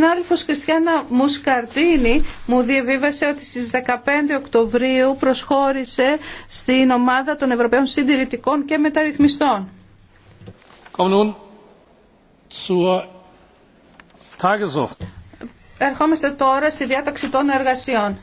συνάδελφος Χριστιάνα Μουσκαρτίνη μου διαβίβασε ότι στις 15 Οκτωβρίου προσχώρησε στην ομάδα των Ευρωπαίων Συντηρητικών και Μεταρρυθμιστών. Ερχόμαστε τώρα στη διάταξη των εργασιών.